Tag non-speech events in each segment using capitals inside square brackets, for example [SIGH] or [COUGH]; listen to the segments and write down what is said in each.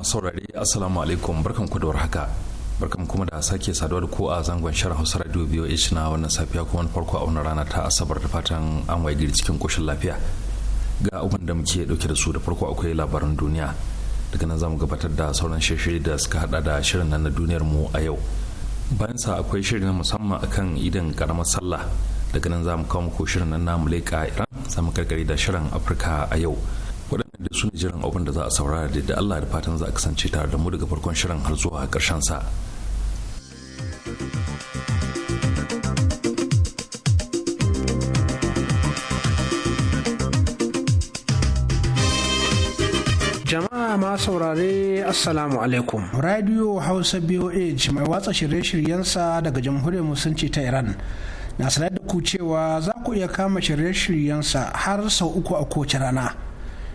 saurari assalamu alaikum barkan ku da haka barkan kuma da sake saduwa da ku a zangon shirin hausa radio H na wannan safiya kuma farko a wannan rana ta asabar da fatan an waye gari cikin koshin lafiya ga abin da muke dauke da su da farko akwai labaran duniya daga nan zamu gabatar da sauran shirye da suka hada da shirin nan na duniyar mu a yau bayan sa akwai shirin na musamman akan idan karamar sallah daga nan zamu kawo muku shirin nan na mulika iran zamu karkare da shirin afirka a yau da su jiran abin da za a saurara da da Allah da fatan za a kasance tare da mu daga farkon shirin har zuwa karshen sa. Jama'a ma saurare Assalamu alaikum. Radio Hausa BOH mai watsa shirye-shiryensa daga Jamhuriyar Musulunci ta Iran. Na sanar da ku cewa za ku iya kama shirye-shiryensa har sau uku a kowace rana.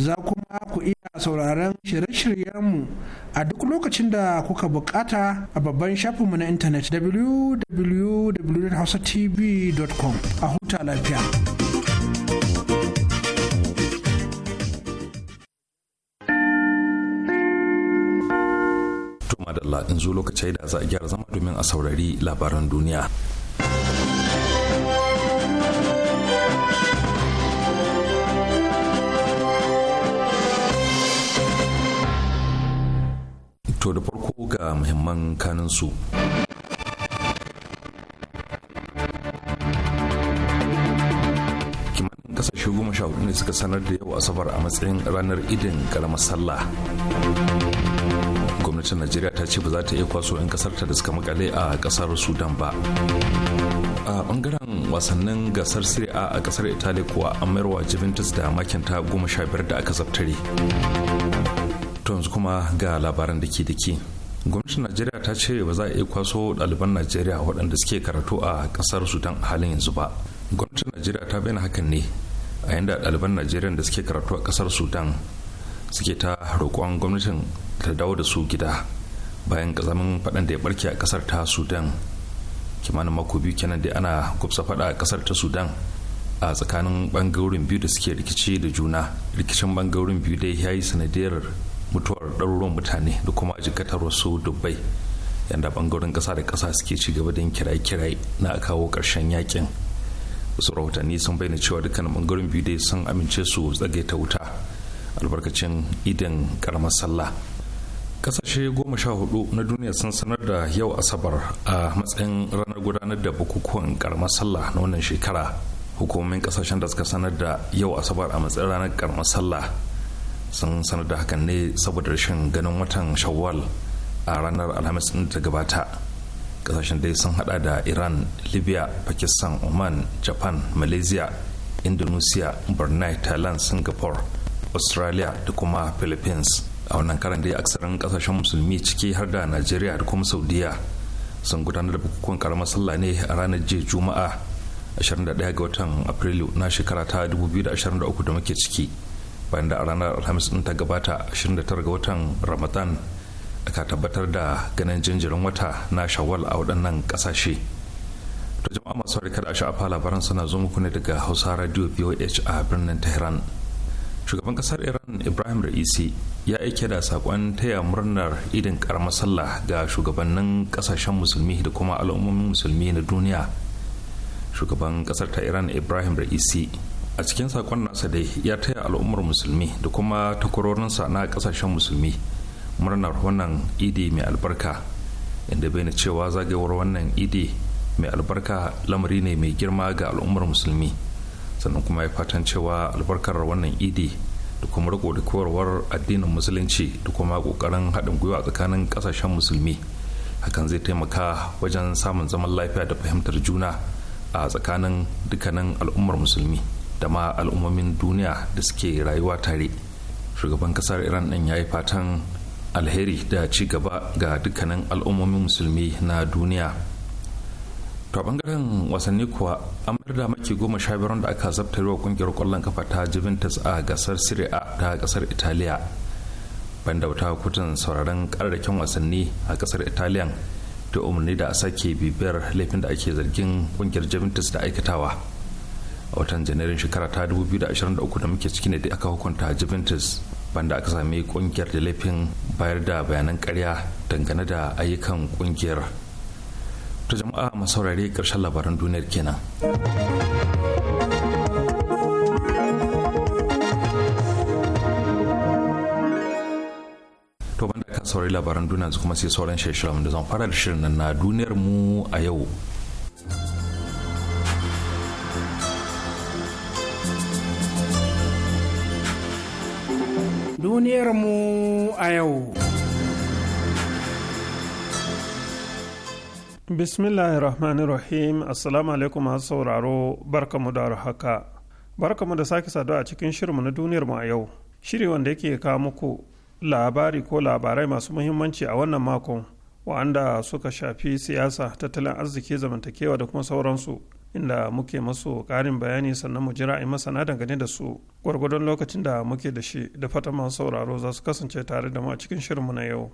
za kuma ku iya sauraron shirye-shiryenmu a duk lokacin da kuka bukata a babban shafinmu na intanet www.hausatv.com a huta lafiya. Tuma da in zo lokacin da za a gyara zama domin a saurari labaran duniya. To da farko ga muhimman kanin su. Kimanin kasashe goma sha hudu ne suka sanar da yau asabar a matsayin ranar idin karamar sallah. Gwamnatin Najeriya ta ce ba za ta iya kwaso 'yan kasarta da suka makale a kasar Sudan ba. a bangaren wasannin gasar Serie A a kasar Italiya kuwa an mayarwa Juventus da makinta goma sha biyar da aka zaftare. to yanzu kuma ga labaran da ke da ke gwamnatin najeriya ta ce ba za a iya kwaso ɗaliban najeriya waɗanda suke karatu a ƙasar sudan a halin yanzu ba gwamnatin najeriya ta bayyana hakan ne a yanda ɗaliban najeriya da suke karatu a ƙasar sudan suke ta roƙon gwamnatin ta dawo da su gida bayan ƙazamin faɗan da ya barke a ƙasar ta sudan kimanin mako biyu kenan da ana gubsa faɗa a ƙasar ta sudan a tsakanin ɓangarorin biyu da suke rikici da juna rikicin ɓangarorin biyu dai ya yi sanadiyar mutuwar ɗaruruwan mutane da kuma jikatar wasu dubbai yadda bangaren ƙasa da ƙasa suke ci gaba da kiraye-kiraye na kawo ƙarshen yakin wasu rahotanni sun bayyana cewa dukkanin bangaren biyu dai sun amince su tsagaita wuta albarkacin idan karamar sallah kasashe goma sha hudu na duniya sun sanar da yau asabar a matsayin ranar gudanar da bukukuwan karamar sallah na wannan shekara hukumomin ƙasashen da suka sanar da yau asabar a matsayin ranar karamar sallah sun sanar da hakan ne saboda rashin ganin watan shawwal a ranar alhamis din ta gabata kasashen dai sun hada da iran libya pakistan oman japan malaysia indonesia brunei thailand singapore australia da kuma philippines a wannan karan dai aksarin kasashen musulmi ciki har da nigeria da kuma saudiya sun gudanar da bukukuwan karamar sallah ne a ranar jiya juma'a 21 ga watan afrilu na shekara ta 2023 da muke ciki bayan da a ranar alhamis din ta gabata 29 ga watan ramadan aka tabbatar da ganin jinjirin wata na shawwal a waɗannan ƙasashe to jama'a masu harkar a sha'afa labaran suna zo muku ne daga hausa radio voh a birnin tehran shugaban ƙasar iran ibrahim ra'isi ya aike da saƙon taya murnar idin ƙaramar sallah ga shugabannin ƙasashen musulmi da kuma al'ummomin musulmi na duniya shugaban ƙasar ta iran ibrahim ra'isi a cikin sakon nasa dai ya taya al'ummar musulmi da kuma takwarorinsa na ƙasashen musulmi murnar wannan idi mai albarka inda bai na cewa zagayowar wannan idi mai albarka lamari ne mai girma ga al'ummar musulmi sannan kuma ya fatan cewa albarkar wannan idi da kuma riko da addinin musulunci da kuma kokarin haɗin gwiwa tsakanin ƙasashen musulmi hakan zai taimaka wajen samun zaman lafiya da fahimtar juna a tsakanin dukkanin al'ummar musulmi. da ma al'ummomin duniya da suke rayuwa tare shugaban kasar iran din ya yi fatan alheri da ci gaba ga dukkanin al'ummomin musulmi na duniya to bangaren wasanni kuwa an da maki goma sha biyar da aka wa kungiyar kwallon kafa ta juventus a gasar serie ta kasar italiya banda wata kutun sauraron kararrakin wasanni a kasar italiya ta umarni da a sake bibiyar laifin da ake zargin kungiyar juventus da aikatawa a watan janairun shekara ta 2023 da muke ciki ne da aka hukunta juventus banda aka sami kungiyar da laifin bayar da bayanan karya dangane da ayyukan kungiyar ta jama'a masaurare karshen labaran duniyar kenan to banda ka saurari labaran duniya kuma sai sauran shirin da zan fara da shirin na duniyar mu a yau Duniyarmu a yau. Bismillahirrahmanirrahim Assalamu alaikum masu sauraro barkamu da haka. Barkamu da sake saduwa a cikin shirinmu na duniyarmu a yau. Shiri wanda yake kawo muku labari ko labarai masu muhimmanci a wannan makon wa'anda suka shafi siyasa, tattalin arziki, zamantakewa da kuma sauransu. inda muke masu ƙarin bayani sannan mu jira in masana dangane da su gwargwadon lokacin da muke da shi da fatan masu sauraro za su kasance tare da mu a cikin shirinmu na yau.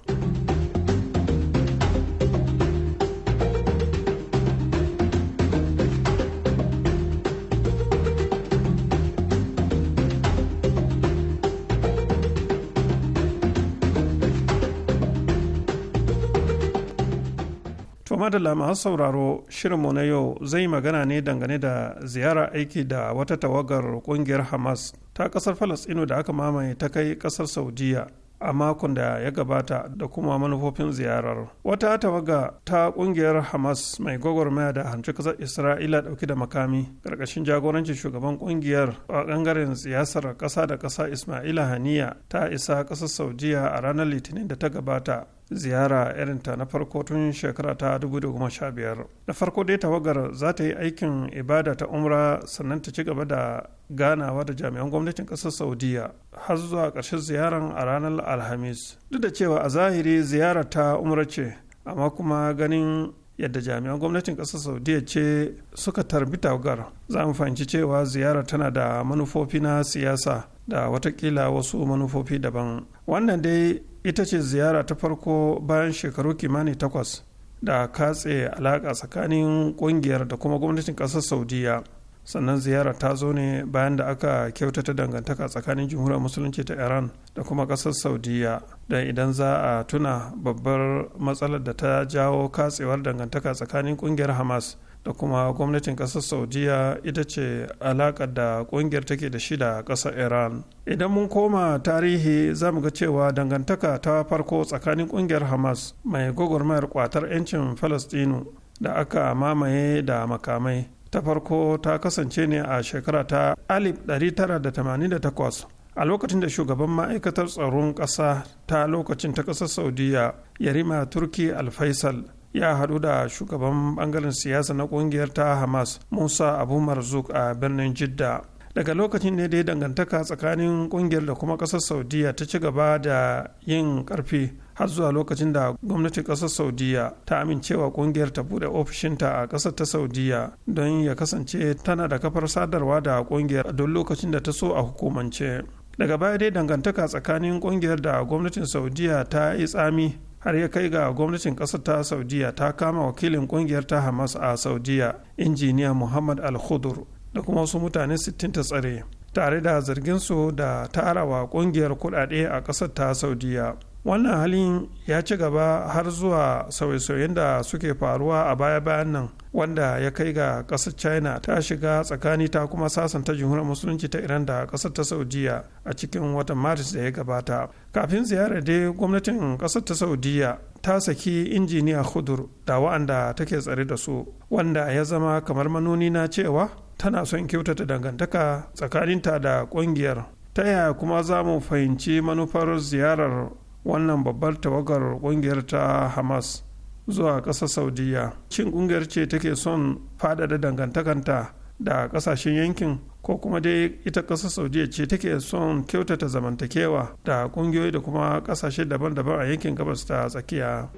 madalla masu sauraro shirinmu na yau zai magana ne dangane da ziyara aiki da wata tawagar kungiyar hamas ta kasar falasino da aka mamaye ta kai kasar saudiya a makon da ya gabata da kuma manufofin ziyarar wata tawaga ta kungiyar hamas mai gwagwarmaya da hanci kasar isra'ila dauke da makami karkashin jagorancin shugaban kungiyar a bangaren siyasar kasa da kasa ismaila haniya ta isa kasar saudiya a ranar litinin da ta gabata ziyara irinta na farko tun shekara ta 2015 da farko dai tawagar za ta yi aikin ibada ta umra sannan ta ci gaba da ganawa da jami'an gwamnatin ƙasar saudiya har zuwa ƙarshen ziyaran a ranar alhamis duk da cewa a zahiri ziyara ta umra ce amma kuma ganin yadda jami'an gwamnatin ƙasar saudiya ce suka tarbi tawagar za mu fahimci cewa ziyara tana da manufofi na siyasa da watakila wasu manufofi daban wannan dai ita ce ziyara ta farko bayan shekaru kimanin takwas da katse alaƙa tsakanin ƙungiyar da kuma gwamnatin ƙasar saudiya sannan ziyara ta zo ne bayan da aka kyautata dangantaka tsakanin jamhuriyar musulunci ta iran da kuma ƙasar saudiya da idan za a tuna babbar matsalar da ta jawo katsewar dangantaka tsakanin ƙungiyar hamas da kuma gwamnatin kasar saudiya ita ce alaƙar da ƙungiyar take da shida da ƙasar iran idan mun koma tarihi za mu ga cewa dangantaka ta farko tsakanin ƙungiyar hamas mai gwagwarmayar kwatar 'yancin falastinu da aka mamaye da makamai ta farko ta kasance ne a shekara ta 1988 a lokacin da shugaban ma'aikatar tsaron ƙasa ta lokacin ta ƙasar saudiya yarima turki alfaisal ya haɗu da shugaban bangaren siyasa na ƙungiyar ta hamas musa abu marzuk a birnin jidda daga lokacin ne dai dangantaka tsakanin ƙungiyar da kuma ƙasar saudiya ta ci gaba da yin karfi har zuwa lokacin da gwamnatin ƙasar saudiya ta amincewa ƙungiyar ta buɗe ofishinta a ƙasar ta saudiya don ya kasance tana da kafar sadarwa da ƙungiyar don lokacin da ta so a hukumance daga baya dai dangantaka tsakanin ƙungiyar da gwamnatin saudiya ta yi tsami har ya kai ga gwamnatin ƙasar ta saudiya ta kama wakilin ƙungiyar ta hamas a saudiya injiniya muhammad al-khudur da kuma wasu mutane 60 ta tsare tare da zarginsu su da tarawa ƙungiyar kuɗaɗe a ƙasar ta saudiya wannan halin ya ci gaba har zuwa sauye-sauyen da suke faruwa a baya-bayan nan wanda ya kai ga ƙasar china ta shiga tsakani ta kuma sasanta jihunan musulunci ta iran da ƙasar ta saudiya a cikin watan maris da ya gabata kafin ziyarar dai gwamnatin ƙasar ta saudiya ta saki injiniya hudur da wa'anda take tsare da su wanda ya zama kamar manoni na cewa tana son kyautata dangantaka tsakaninta da ƙungiyar ta yaya kuma za mu fahimci manufar ziyarar wannan babbar tawagar kungiyar ta hamas zuwa ƙasar saudiya cin kungiyar ce take son faɗaɗa dangantakanta da ƙasashen yankin ko kuma dai ita ƙasar saudiya ce take son kyautata zamantakewa da ƙungiyoyi da kuma ƙasashe daban-daban a yankin gabas ta tsakiya.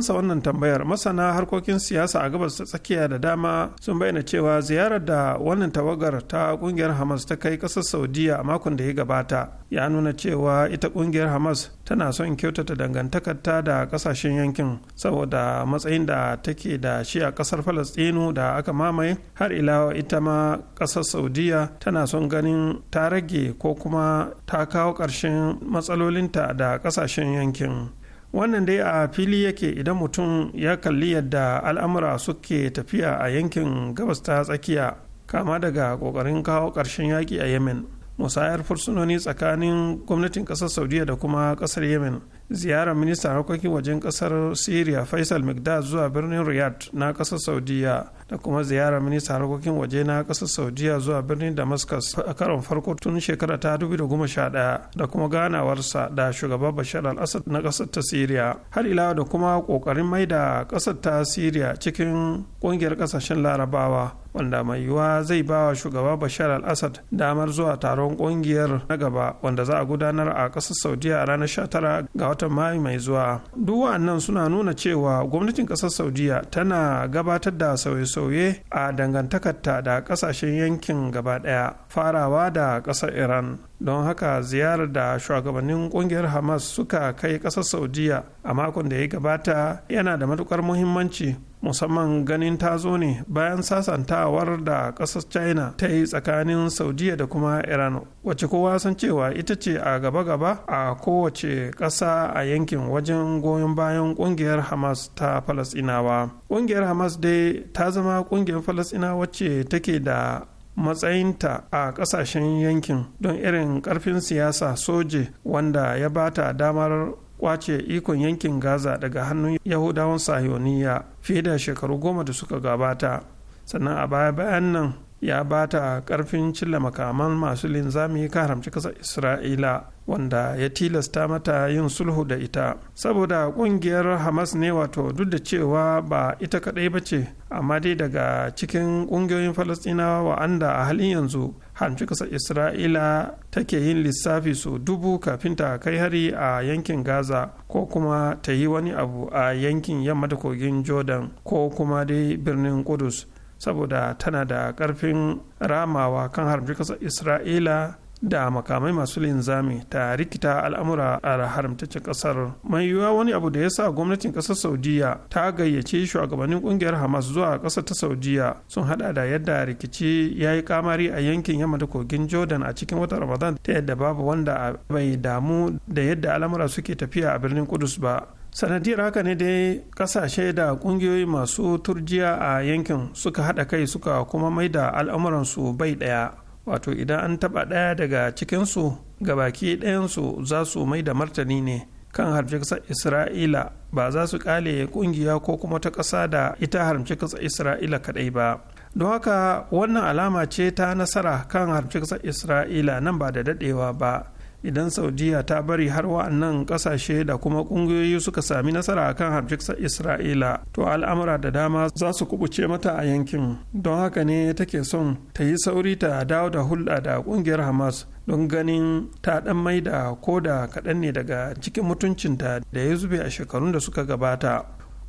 amsa wannan tambayar masana harkokin siyasa a gabas ta tsakiya da dama sun bayyana cewa ziyarar da wannan tawagar ta kungiyar hamas ta kai kasar saudiya a makon da ya gabata ya nuna cewa ita kungiyar hamas tana son kyautata dangantakarta da kasashen yankin saboda matsayin da take da shi a kasar falastinu da aka mamaye har ila ita ma kasar saudiya tana son ganin ta rage ko kuma ta kawo ƙarshen matsalolinta da kasashen yankin wannan dai a fili yake idan mutum ya kalli yadda al'amura suke tafiya a yankin gabas ta tsakiya kama daga kokarin kawo ƙarshen yaƙi a yemen musayar fursunoni tsakanin gwamnatin ƙasar saudiya da kuma ƙasar yemen ziyarar ministan harkokin wajen ƙasar syria faisal mcdad zuwa birnin riyadh na ƙasar saudiya da kuma ziyarar minista harkokin waje na ƙasar saudiya zuwa birnin damascus a karon farko tun shekara ta 2011 da kuma ganawarsa da shugaban bashar al-assad na ƙasar ta syria har ila da kuma ƙoƙarin mai da ƙasar ta syria cikin ƙungiyar ƙasashen larabawa wanda mai yiwuwa zai ba wa shugaba bashar al-assad damar zuwa taron kungiyar na gaba wanda za a gudanar a ƙasar saudiya a ranar 19 ga watan mayu mai zuwa duk wa'annan suna nuna cewa gwamnatin ƙasar saudiya tana gabatar da sauye-sauye sauye a dangantakarta da kasashen yankin gaba daya farawa da kasar iran don haka ziyarar da shugabannin kungiyar hamas suka kai kasar saudiya a makon da ya gabata yana da matukar muhimmanci musamman ganin ta zo ne bayan sasantawar da ƙasar china ta yi tsakanin saudiya da kuma iran wace kowa san cewa ita ce a gaba-gaba a kowace ƙasa a yankin wajen goyon bayan ƙungiyar hamas ta falasinawa ƙungiyar hamas dai ta zama ƙungiyar falasinawa ce take da matsayinta a ƙasashen yankin don irin ƙarfin siyasa soje wanda ya bata damar kwace ikon yankin gaza daga hannun yahudawan sayoniya fiye da shekaru goma da suka gabata sannan a baya bayan nan ya bata karfin cilla makaman masu linzami ka haramci kasar isra'ila wanda ya tilasta mata yin sulhu da ita saboda kungiyar hamas ne wato duk da cewa ba ita kadai ba ce amma dai daga cikin kungiyoyin falasɗinawa wa'anda a halin yanzu hamci kasar isra'ila take yin lissafi so dubu kafin ta kai hari a yankin gaza ko kuma ta yi wani abu a yankin yamma da kogin jordan ko kuma dai birnin kudus saboda tana da karfin ramawa kan harbi kasar isra'ila da makamai masu linzami ta rikita al'amura a haramtaccen kasar mai yiwuwa wani abu da ya sa gwamnatin kasar saudiya ta gayyace shugabannin kungiyar hamas zuwa kasar ta saudiya sun hada da yadda rikici ya yi kamari a yankin yamma da kogin jordan a cikin watan ramadan ta yadda babu wanda bai damu da yadda al'amura suke tafiya a birnin kudus ba sanadiyar haka ne dai kasashe da kungiyoyi masu turjiya a yankin suka haɗa kai suka kuma mai maida al'amuransu bai ɗaya wato idan an taba ɗaya daga cikinsu ga baki ɗayansu za su mai da martani ne kan harfi isra'ila ba za su ƙale ƙungiya ko kuma ta ƙasa da ita harfi ƙasar isra'ila kaɗai ba don haka wannan alama ce ta nasara kan harfi isra'ila nan ba da daɗewa ba idan saudiya ta bari har wa'annan kasashe da kuma kungiyoyi suka sami nasara a kan harfiksar isra'ila to al'amura da dama za su kubuce mata a yankin don haka ne take son ta yi sauri ta dawo da hulɗa da kungiyar hamas don ganin ta dan maida ko da kaɗan ne daga cikin mutuncinta da ya zube a shekarun da suka gabata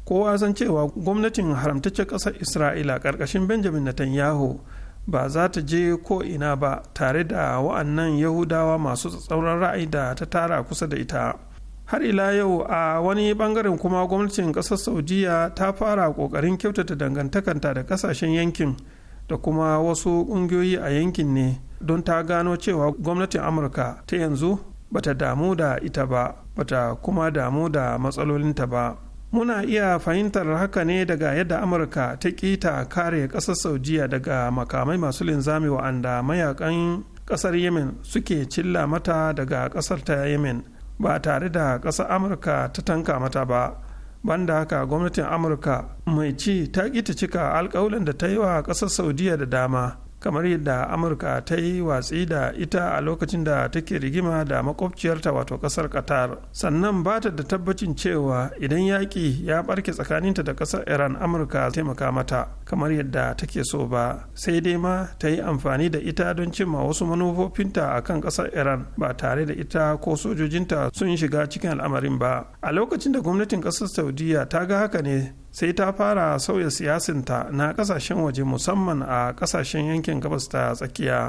kowa san cewa gwamnatin haramtaccen ƙasar isra'ila ƙarƙashin benjamin netanyahu ba za ta je ko ina ba tare da wa'annan yahudawa masu tsauran ra'ayi da ta tara kusa da ita har ila yau a wani bangaren kuma gwamnatin kasar saudiya ta fara kokarin kyautata dangantakanta da kasashen yankin da kuma wasu kungiyoyi a yankin ne don ta gano cewa gwamnatin amurka ta yanzu bata damu da ita ba bata kuma damu da matsalolinta ba muna iya fahimtar haka ne daga yadda amurka ta kita kare ƙasar saudiya daga makamai masu linzami wa'anda mayakan ƙasar yemen suke cilla mata daga ƙasar ta yemen ba tare da ƙasar amurka ta tanka mata ba banda haka gwamnatin amurka mai ci ta ƙi ta cika alkawalin da ta yi wa ƙasar saudiya da dama kamar yadda amurka ta yi watsi da ita a lokacin da take rigima da makwabciyarta wato kasar qatar sannan ba ta da tabbacin cewa idan yaƙi ya barke tsakaninta da kasar iran amurka taimaka mata kamar yadda take so ba sai dai ma ta yi amfani da ita don cimma wasu manufofinta a kan ƙasar iran ba tare da ita ko sojojinta sun shiga cikin al'amarin ba a lokacin da gwamnatin ƙasar saudiya ta ga haka ne sai ta fara sauya siyasinta na kasashen waje musamman a kasashen yankin gabas ta tsakiya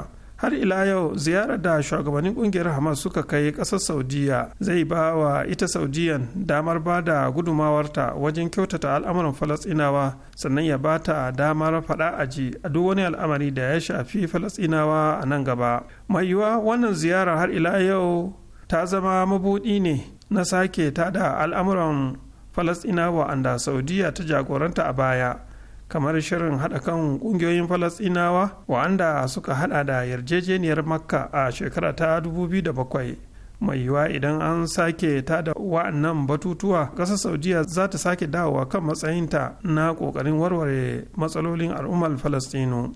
har ila yau ziyarar da shugabannin kungiyar hamas suka kai kasar saudiya zai ba wa ita saudiyan damar ba da gudumawarta wajen kyautata al'amuran falasinawa sannan ya ba ta damar faɗa aji a duk wani al'amari da ya shafi falasinawa a nan gaba mai yiwuwa wannan ziyarar har ila yau ta zama mabuɗi ne na sake ta da al'amuran falasɗinawa anda saudiya ta jagoranta a baya kamar shirin haɗa kan ƙungiyoyin falasɗinawa wa'anda suka haɗa da yarjejeniyar makka a shekara ta 2007 mai yiwuwa idan an sake ta da wa'annan batutuwa ƙasar saudiya za ta sake dawowa kan matsayinta na kokarin warware matsalolin al'ummar falasɗinu.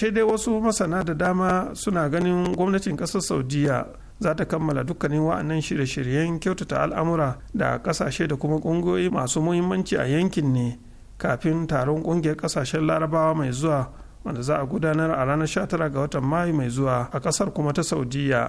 ƙarshe dai wasu masana da dama suna ganin gwamnatin ƙasar saudiya za ta kammala dukkanin wa'annan shirye-shiryen kyautata al'amura da ƙasashe da kuma ƙungiyoyi masu muhimmanci a yankin ne kafin taron ƙungiyar ƙasashen larabawa mai zuwa wanda za a gudanar a ranar 19 ga watan mayu mai zuwa a ƙasar kuma ta saudiya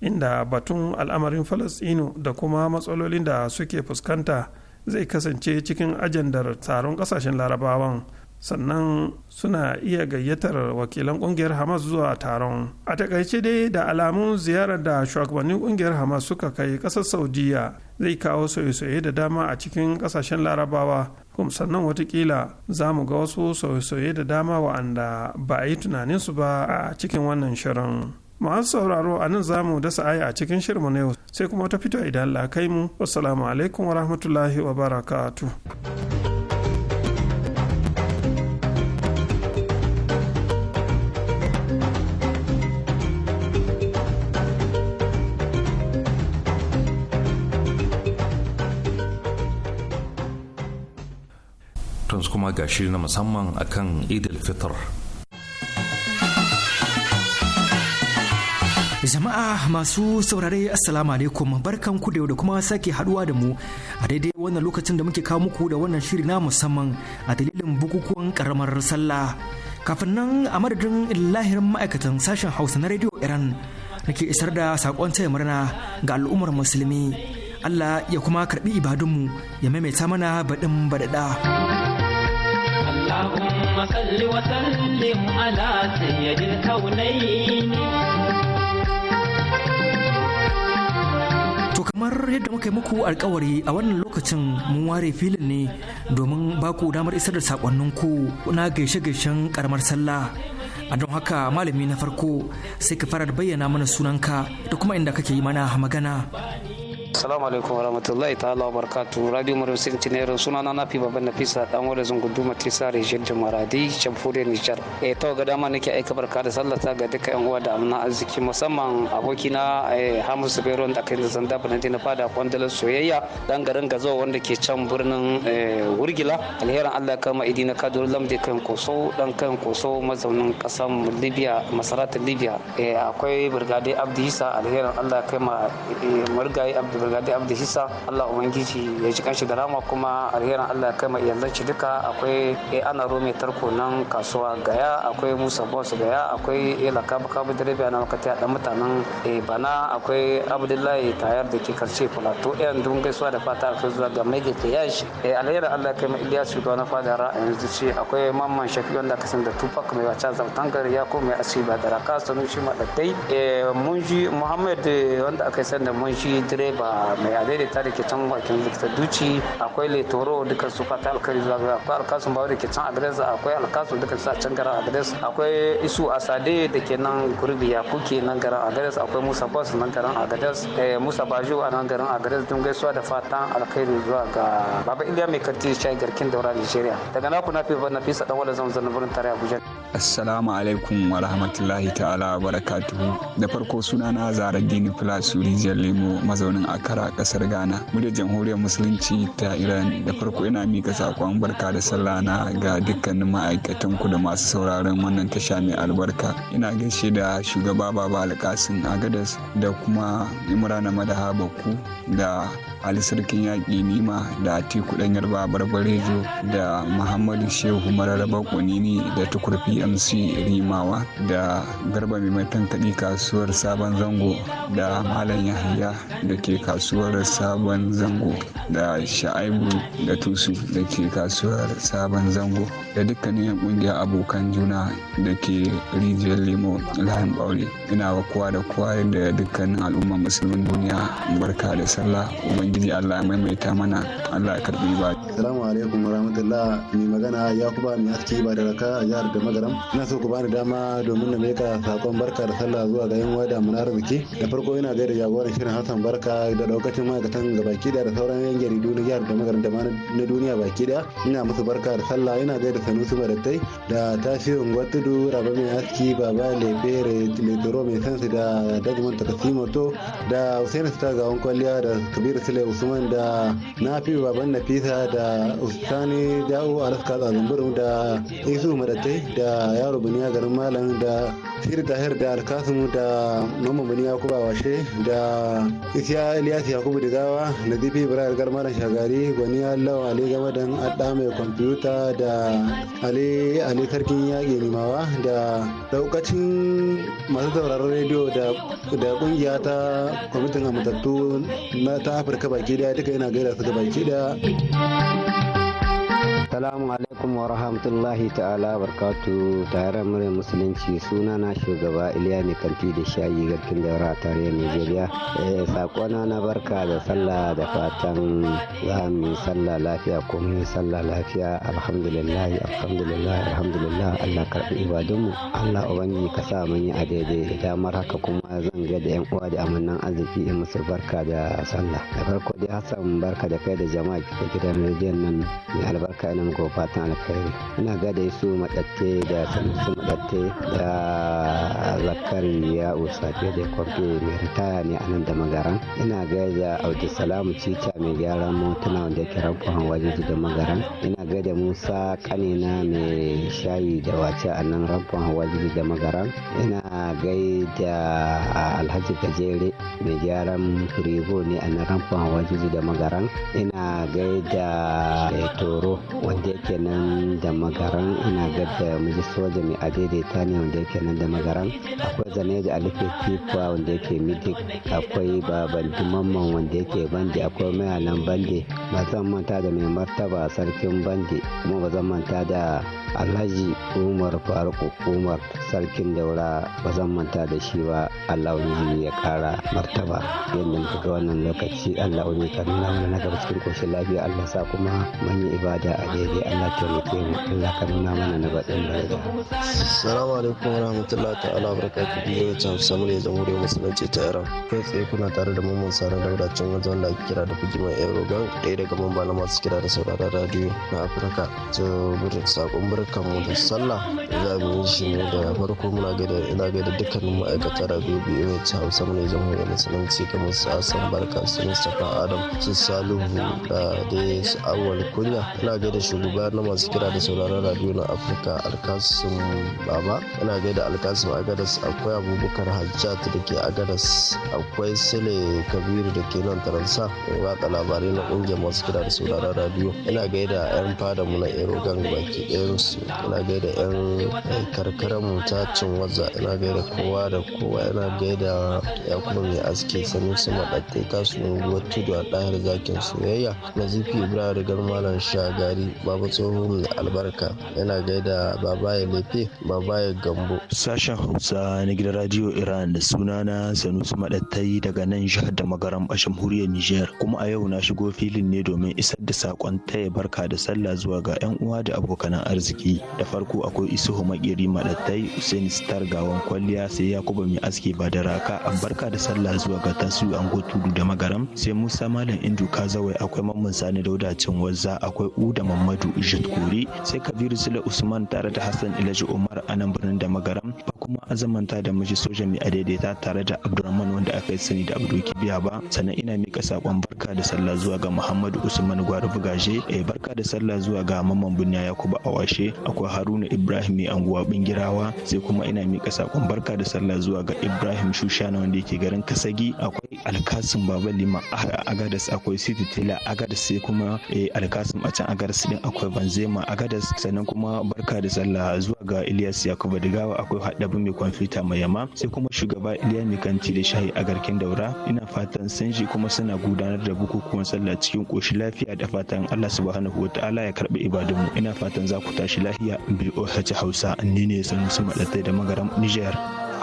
inda batun al'amarin falastinu da kuma matsalolin da suke fuskanta zai kasance cikin ajandar taron ƙasashen larabawan sannan suna iya gayyatar wakilan kungiyar hamas zuwa taron a takaice dai da alamun ziyarar da shugabannin kungiyar hamas suka kai kasar saudiya zai kawo sauye-sauye da dama a cikin kasashen larabawa kuma sannan watakila za mu ga wasu sauye-sauye da dama wa'anda ba a yi tunaninsu ba a cikin wannan shirin masu sauraro a nan za mu dasa aya a cikin shirin na yau sai kuma ta fito idan Allah kai mu wasu alaikum wa rahmatullahi wa barakatuh kuma ga shiri na musamman akan idil fitr jama'a masu saurare assalamu alaikum barkan ku da yau da kuma sake haduwa da mu a daidai wannan lokacin da muke kawo muku da wannan shiri na musamman a dalilin bukukuwan karamar sallah kafin nan a madadin lahirin ma'aikatan sashen hausa na rediyo iran da ke isar da saƙon taya murna ga al'ummar musulmi allah ya kuma karbi ibadunmu ya maimaita mana baɗin baɗaɗa. اللهم صل وسلم على سيد الكونين kamar yadda muka yi muku alkawari a wannan lokacin mun ware filin ne domin baku damar isar da sakonninku na gaishe-gaishen karamar sallah. A don haka malami na farko sai ka fara bayyana mana sunanka da kuma inda kake yi mana magana. Salamu alaikum warahmatullahi ta'ala wa barakatu. Radio Maryam Sin Tinero suna na nafi baban Nafisa dan wanda zungu duma tisa rejiyar Jamaradi Jamhuriyar Nijar. Eh to ga dama nake aika barka da sallah ta ga duka yan uwa da amna arziki musamman abokina eh, Hamus Beron da kai zan da bana na fada kwandalar soyayya dan garin Gazo wanda ke can birnin eh, Wurgila. alheran Allah kama idina Kadur Lamdi kan Koso dan kan Koso mazaunin kasar Libya masarautar Libya. Eh, akwai Burgade Abdi Isa Allah kama murgai Abdi wato brigadier abdu hissa allah ubangiji ya ji kanshi da rama kuma alheran allah kai mai yanzu ci duka akwai eh, ana rome tarko nan kasuwa gaya akwai musa boss gaya akwai eh, laka baka kaba direba na makata da mutanen eh, bana akwai abdullahi tayar da ke karshe plateau eh dun gaisuwa da fata akwai zuwa ga mai ke yashi alheran allah kai mai iliyasu da wani fada ra'ayin zuci akwai mamman shafi wanda san da tupac mai wacce zautan gari ya ko mai asiri ba da raka sanushi eh munji muhammad wanda aka san da munji direba zuwa mai adaidaita da ke can bakin likita duci akwai letoro duka su fata alkari zuwa ga akwai alkasun ba da ke can adres akwai alkasun duka su a can garin adres akwai isu asade da ke nan gurbi ya kuke nan garin adres akwai musa bas nan garin adres eh, musa bajo a nan garin adres don gaisuwa da fatan alkhairi zuwa ga baba iliya mai karti shayi garkin daura nigeria daga naku na fi na fisa dan wala zan zan burin tare abuja assalamu alaikum wa rahmatullahi ta'ala wa barakatuhu da farko sunana zara dini filasuri rijiyar lemo mazaunin a kasar Ghana muryar jamhuriyar musulunci ta Iran da farko ina mika sakon barka da sallah na ga dukkanin ma'aikatan ku da masu sauraron wannan tasha mai albarka ina gaishe da shugaba Baba Alkasin Agadas da kuma Imrana Madaha Bakku da Ali Sarkin Yaƙi Nima da Atiku Ɗanyar Babar barbarejo da Muhammadu Shehu Mararaba Kunini da Tukurfi MC Rimawa da Garba Mai Kaɗi Kasuwar Sabon Zango da Malam Yahaya da ke kasuwar sabon zango da sha'aibu da tusu da ke kasuwar sabon zango da dukkanin yan kungiya abokan juna da ke rijiyar lemo lahin bauri ina wa kowa da kowa da dukkanin al'umma musulmin duniya barka da sallah ubangiji allah maimaita mana allah ya karbi ba Assalamu alaikum wa rahmatullah mai magana ya kuba mai aski ba da raka a jihar da magaram. Ina so ku bani dama domin na mika sakon barka da sallah zuwa ga yan wada mun arziki. Da farko ina gaida jagoran shirin Hassan Barka da daukacin ma'aikatan gabaki da sauran yan jaridu na jihar da magaram da ma na duniya baki daya. Ina musu barka da sallah ina gaida sanusu Barattai da tasirin Gwatudu Rabe mai aski Baba Lefere Letoro mai sansu da Dagman to da Hussein Star Gawon Kwalliya da Kabiru Sule Usman da Nafi Baban Nafisa da da ustani da'u alaska tsazumburin da isu madatai da yaro biniya garin malam da siri tahir da alkasimu da bani ya kuba washe da isiya ilyas yakubu digawa da zifi ibrahim garmaran shagari gwani allah ali gabadan adda mai kwamfuta da ali ali sarkin yaƙi nimawa da daukacin masu sauraron rediyo da kungiya ta kwamitin amintattu na ta afirka baki daya duka yana gaida su ga baki daya Thank you. Salamu alaikum wa rahmatullahi ta'ala barkatu tare muryar musulunci suna na shugaba Iliya ne kanti da shayi garkin daura tare Nijeriya. Eh, Sakona na barka da sallah da fatan za mu sallah lafiya ko mu sallah lafiya alhamdulillah alhamdulillah alhamdulillah Allah karbi ibadunmu Allah ubangi ka sa mun yi a daidai da damar haka kuma zan ga da yan uwa da amannan arziki in musu barka da sallah. Da farko dai Hassan barka da kai da jama'a gidan rediyon nan mai albarka tsakanin ina muku alkhairi ina gada su madatte da sanusi madatte da zakar ya usafe da kwafi mai ritaya ne a nan da magaran ina gaida salamu cica mai gyaran motuna wanda yake a waje da magaran ina gaida musa kanina mai shayi da wace a nan a waje da magaran ina gaida alhaji gajere mai gyaran firigo ne a nan a waje da magaran ina gaida toro wanda yake nan da magaran ina gada miji soja mai adaidaita ne wanda yake nan da magaran akwai zanaji alifin tifa wanda yake midik akwai baban dimamman wanda yake bandi akwai mayanan bandi ba zan manta da mai martaba sarkin bandi kuma ba zan manta da alhaji umar faruk umar sarkin daura ba zan manta da shi ba allah ya kara martaba yadda muka ga wannan lokaci allah wani ka nuna mana na gaba cikin koshin lafiya allah sa kuma yi ibada a daidai allah taimake mu allah ka nuna mana na baɗin daraja. salamu alaikum wa rahmatullah ta'ala wa barakatu biyu wajen samun ya zama da musulunci ta iran kai tsaye kuna tare da mun sanar da can wajen wanda ake kira da kujiman eurogang ɗaya daga ba na masu kira da sauraron radio na afirka to gudun sakon barkan da sallah za mu yi shi ne da farko muna gaida ina gaida dukkanin ma'aikatan da biyu ci hausa mu jamhuriyar musulunci kamar su asan barka su mustapha adam su salihu da dai su awal kunya ina gaida shugaba na masu kira da sauraron radio na afirka alkasim baba ina gaida alkasim agadas akwai abubakar hajjat da ke agadas akwai sile kabiru da ke nan taransa mai watsa labarai na kungiyar masu kira da sauraron radio ina gaida yan fada mu na erogan baki ɗaya Jos ina gaida 'yan eh, karkarar mu ta waza ina gaida kowa da kowa ina gaida kuma mai aski sanin su ta su ruwa tudu a ɗahar zakin soyayya Nazifi Ibrahim rigar malam shagari babu tsoho mai albarka ina gaida ya lefe ya gambo. Sashen Hausa na gidan Radio Iran da sunana Sanusi Maɗatai daga nan jihar da magaran bashin jamhuriyar Nijar kuma a yau na shigo filin ne domin isar da saƙon taya barka da sallah zuwa ga 'yan uwa da abokan arziki. ciki da farko akwai isuhu makeri madattai usaini star gawan kwalliya sai yakuba mai aski ba da raka barka da sallah zuwa ga tasu ango tudu da magaram sai musa malam indu kazawai akwai mamman sani dauda wazza akwai uda mamadu kuri sai kabiru sula usman tare da hassan ilaji umar a birnin da magaram ba kuma azamanta da miji soja mai adaidaita tare da abdurrahman wanda aka yi sani da abdul kibiya ba sannan ina mika sakon barka da sallah zuwa ga muhammadu usman gwari bugaje. gaje eh, barka da sallah zuwa ga mamman bunya yakuba awashe akwai haruna ibrahim mai anguwa bingirawa sai kuma ina mika sakon barka da sallah zuwa ga ibrahim shushana wanda yake garin kasagi akwai alkasim baba lima agadas akwai siti tela agadas sai kuma eh, alkasim a can agadas din akwai banzema agadas sannan kuma barka da sallah zuwa ga ilyas yakubu digawa akwai haɗabu mai kwamfuta mai yama sai kuma shugaba iliya mai kanti da shahi a garkin daura ina fatan sun ji kuma suna gudanar da bukukuwan sallah cikin koshi lafiya da fatan allah subhanahu wa ta'ala ya karɓi ibadunmu ina fatan za ku tashi tashi lahiya Hausa ni ne su Madatai da Magaram Niger.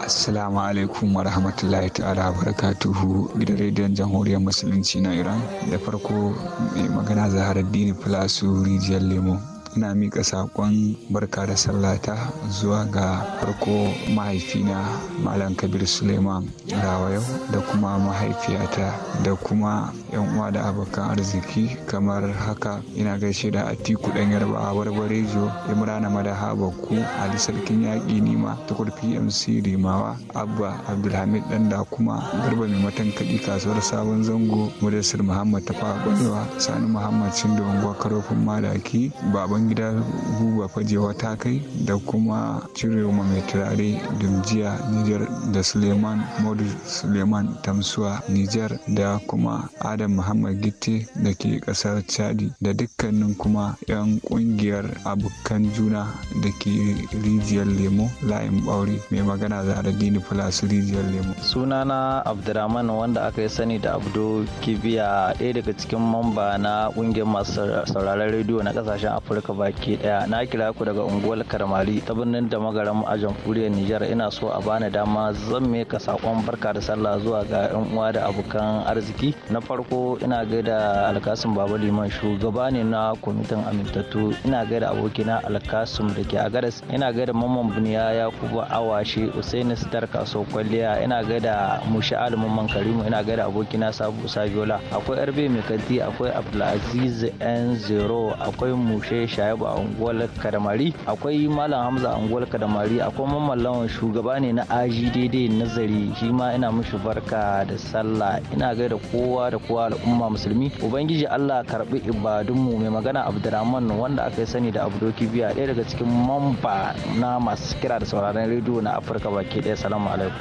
Assalamu alaikum wa rahmatullahi ta'ala barakatuhu gidan rediyon jamhuriyar musulunci na Iran da farko mai magana ne Filasu Rijiyar Lemo ina mika saƙon barka da sallata zuwa ga farko mahaifina malam kabir suleiman rawayau da kuma mahaifiyata da kuma yan uwa da abokan arziki kamar haka ina gaishe da atiku a yarbawa jo imrana madaha bakku ali sarkin yaƙi nima tukur pmc rimawa abba abdulhamid ɗan da kuma garba mai matan kaɗi kasuwar sabon zango mudassir muhammad tafa sani muhammad shindo unguwa karofin malaki baban babangida buba fajewa ta kai da kuma cirewa mai turare dumjiya nijar da suleiman modu suleiman tamsuwa nijar da kuma adam muhammad gitte da ke kasar chadi da dukkanin kuma 'yan kungiyar abokan juna da ke rijiyar lemo layin bauri mai magana za da dini plus rijiyar lemo sunana abdurrahman wanda aka yi sani da abdo kibiya daya daga cikin mamba na kungiyar masu sauraron rediyo na kasashen afirka baki daya na kira ku daga unguwar Karmari ta birnin da magaram a jamhuriyar Nijar ina so a bani dama zan ka sakon barka da sallah zuwa ga yan uwa da abokan arziki na farko ina gaida Alkasim Baba Liman shugaba ne na kwamitin amintattu ina gaida abokina Alkasim da ke a Garas ina gaida Mamman Buniya kuba Awashi Usaini Sitar Kaso Kwalliya ina gaida Musha'al Mamman Karimu ina gaida abokina Sabu Sabiola akwai Yarbe Mai Kanti akwai Abdulaziz N 0 akwai Mushe shayabu a unguwar kadamari akwai malam hamza a unguwar kadamari akwai mamallawan shugaba ne na aji daidai nazari shi ma ina mishi barka da sallah ina da kowa da kowa al'umma musulmi ubangiji allah karbi ibadunmu mai magana abdurrahman wanda aka yi sani da abdoki biya ɗaya daga cikin mamba na masu kira da sauraron rediyo na afirka baki ɗaya salamu alaikum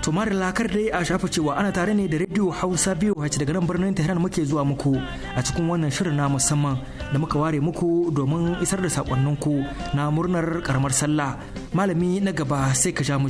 Tumar lakar dai a shafa cewa ana tare ne da Radio Hausa biyu hace daga nan birnin Tehran muke zuwa muku a cikin wannan shirin na musamman da muka ware muku domin isar da sakonninku na murnar karamar sallah. Malami na gaba sai ka ja mu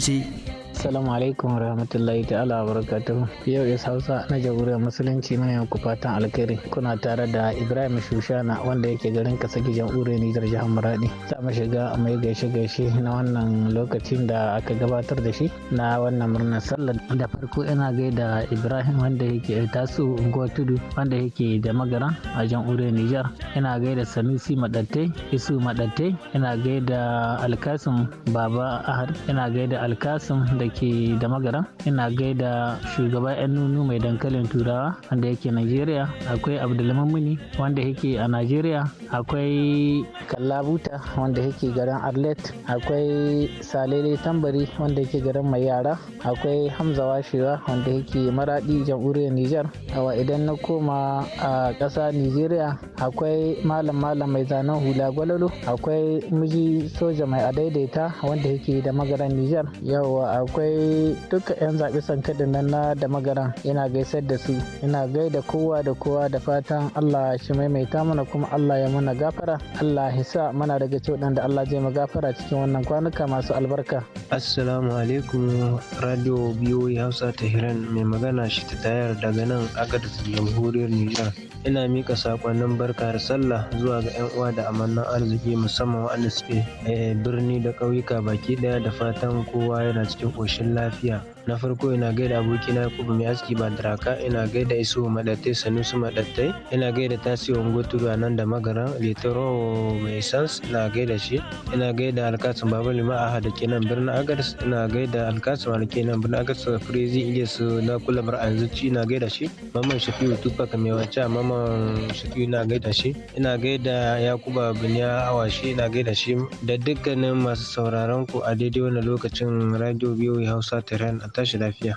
Assalamu alaikum warahmatullahi ta'ala barakatuhu. Yau is Hausa na jamhuriyar musulunci na yanku fatan alkhairi. Kuna tare da Ibrahim Shushana wanda yake garin Kasagi jamhuriyar Nijar jihar muradi Za mu shiga mai gaishe gaishe na wannan lokacin da aka gabatar da shi na wannan murnar sallar. Da farko ina gaida Ibrahim wanda yake tasu unguwar tudu wanda yake da magara a jamhuriyar Nijar. Ina gaida Sanusi Madatte, Isu Madatte, ina gaida Alkasim Baba Ahad, ina gaida Alkasim da ke da magana ina gaida shugaba yan nunu mai dankalin turawa wanda yake najeriya akwai abdulmamuni wanda yake a najeriya akwai kallabuta wanda yake garin arlet akwai salele tambari wanda yake garin mai yara akwai hamza washewa wanda yake maradi jamhuriyar nijar awa idan na koma a ƙasa nigeria akwai malam malam mai zanen hula gwalolo akwai miji soja mai adaidaita wanda yake da magaran nijar yawa akwai duka 'yan zaɓi da nan na da magaran ina gaisar da su ina gaida kowa da kowa da fatan allah shi maimaita mana kuma allah ya mana gafara allah ya sa mana daga cikin da allah zai gafara cikin wannan kwanuka masu albarka assalamu alaikum radio biyoyi hausa ta hiran mai magana shi ta tayar daga nan agadis jamhuriyar nijar ina mika sakonnin barka da sallah zuwa ga 'yan uwa da amannan arziki musamman waɗanda suke eh, birni da ƙauyuka baki daya da fatan kowa yana cikin ƙoshin lafiya. na farko ina gaida abokina yakubu mai aski madaraka. ina gaida isu madattai sanusu madattai ina gaida tasi wango turu a nan da magaran litoro mai sans ina gaida shi ina gaida alkasun babu lima a hada kenan birnin agadis ina gaida alkasun da ke nan birnin agadis firizi su na kula bar anzuci ina gaida shi maman shafiu ka mai wacce mamman shafiu ina gaida shi ina gaida yakuba biniya awashi ina gaida shi da dukkanin masu sauraron ku a daidai wannan lokacin radio biyu hausa tehran tashi lafiya.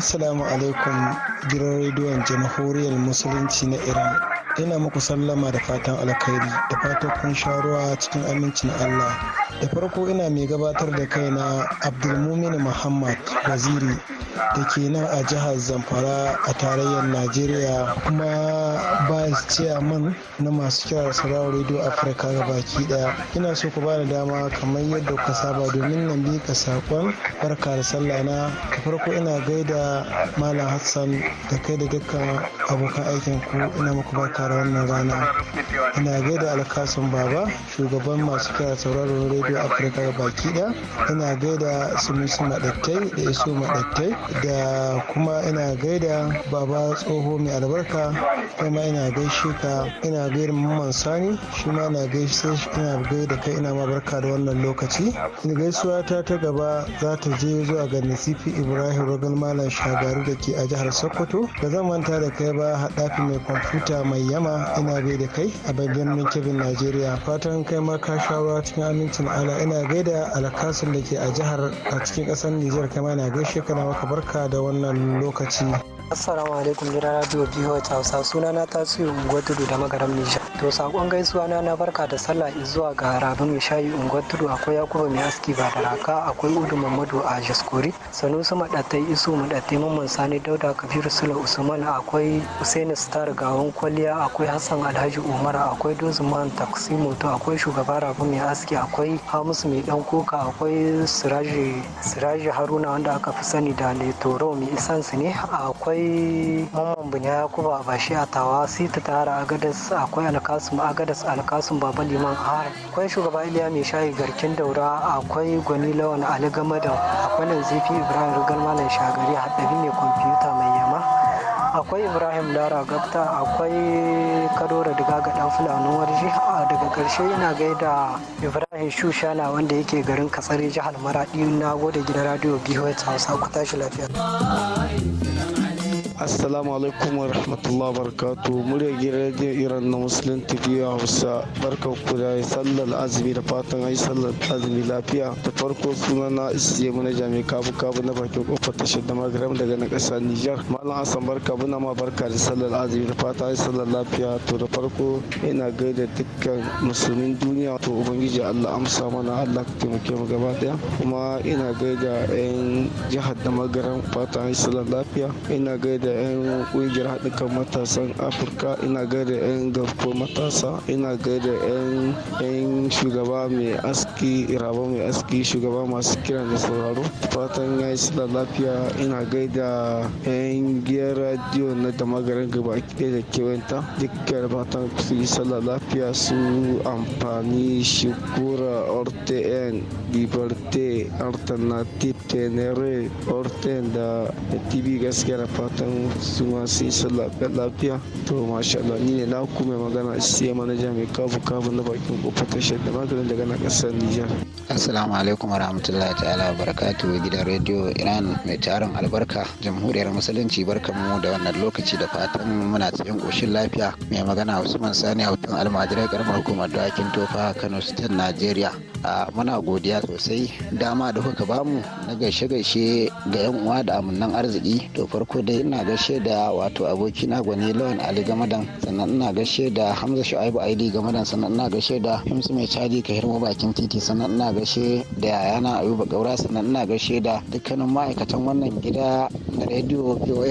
Assalamu alaikum gidan rediyon jamhuriyar musulunci na Iran. ina muku sallama da fatan alkhairi da fatan kun sha ruwa cikin amincin Allah da farko ina mai gabatar da kaina Abdulmumin Muhammad Waziri da ke nan a jihar Zamfara a tarayyar Najeriya kuma vice chairman na masu kirar sarawar Radio Africa baki daya ina so ku bani dama kamar yadda kuka saba domin nan bi ka sakon barka da sallah na da farko ina gaida Malam Hassan da kai da dukkan abokan aikin ku ina muku barka tara wannan rana ina gaida alkasun baba shugaban masu kira sauraron rediyo afirka baki ɗaya ina gaida sumisu maɗattai da iso maɗattai da kuma ina gaida baba tsoho mai albarka kuma ina gaishe ka ina gaida mamman sani shi ma ina gaishe ina gaida kai ina ma barka da wannan lokaci gaisuwa ta ta gaba za ta je zuwa ga nasifi ibrahim rogal malam shagari da ke a jihar sokoto ba zan manta da kai ba haɗafi mai kwamfuta mai yama ina da kai a birnin kebin najeriya fatan kai ma ka shawa cikin amincin ala ina gaida alakasun da ke a jihar a cikin kasar nijar kai ma gaishe kana maka barka da wannan lokaci Assalamu alaikum jira radio BH Hausa suna na tasiri unguwar tudu da magaram nijar To sakon gaisuwa na na barka da sallah zuwa ga rabin mai shayi unguwar akwai Yakubu mai aski ba da raka akwai Udu Mamadu a Jaskori. Sanusi madatai Isu madatai Mamman Sani Dauda Kabiru Sula Usman akwai husaini Star Gawon Kwalliya akwai hassan alhaji umar akwai dozman taksimoto akwai shugaba rabu mai aski akwai hamisu mai dan koka akwai siraji haruna wanda aka fi sani da letoro mai isansu ne akwai mamman bunya yakuba bashi a tawa sita tara agadas akwai alkasum agadas alkasum baba liman har akwai shugaba iliya mai shayi garkin daura akwai gwani lawan ali gamadan akwai zifi ibrahim rigar malam shagari haɗari mai kwamfuta mai yama akwai ibrahim lara gabta akwai kadora diga ga dan fulani warji daga karshe ina gaida ibrahim shushana wanda yake garin katsari jihar maradi na gode gidan radio ta hausa ku tashi lafiya assalamu alaikum wa rahmatullahi barakatu murya radio iran na musulun tv a hausa barkan ku da sallar azumi da fatan ai sallar azumi lafiya da farko suna na isiye mana jami kabu kabu na bakin kofar tashar da magaram daga na kasa nijar malam hassan barka muna ma barka da sallar azumi da fatan ai sallar lafiya to da farko ina gaida dukkan musulmin duniya to ubangiji allah amsa mana allah ka taimake mu gaba daya kuma ina gaida yan jihar da magaram fatan ai sallar lafiya ina gaida 'yan kungiyar haɗin kan matasan afirka ina gaida 'yan garko matasa ina gaida 'yan shugaba mai aski iraba mai aski shugaba masu kira da sauraro fatan ya yi suna lafiya ina gaida 'yan giyar radiyo na damagarin gaba ɗaya da kewanta dukkan fatan su yi sallah lafiya su amfani shigura rtn liberté alternative tenere orten da tv gaskiya da fatan su ma sun yi lafiya to masha Allah ni ne na kuma magana sai manaja mai kafu kafu na bakin kofar tashar da maganin daga na kasar Nijar. Assalamu alaikum wa rahmatullahi ta'ala wa barakatuhu gidan rediyo Iran mai tarin albarka jamhuriyar musulunci barkamu da wannan lokaci da fatan muna cikin koshin lafiya mai magana Usman Sani Hautan almajirai karamar hukumar dakin tofa Kano State Najeriya. muna godiya sosai dama da kuka bamu na gaishe-gaishe ga yan uwa da amannan arziki to farko dai ina ga gaishe da wato abokina gwani lawan ali gamadan sannan ina gaishe da hamza shu'aibu aidi gamadan sannan ina gaishe da himsu mai caji ka hirma bakin titi sannan ina gaishe da yayana ayuba gaura sannan ina gaishe da dukkanin ma'aikatan wannan gida na rediyo voh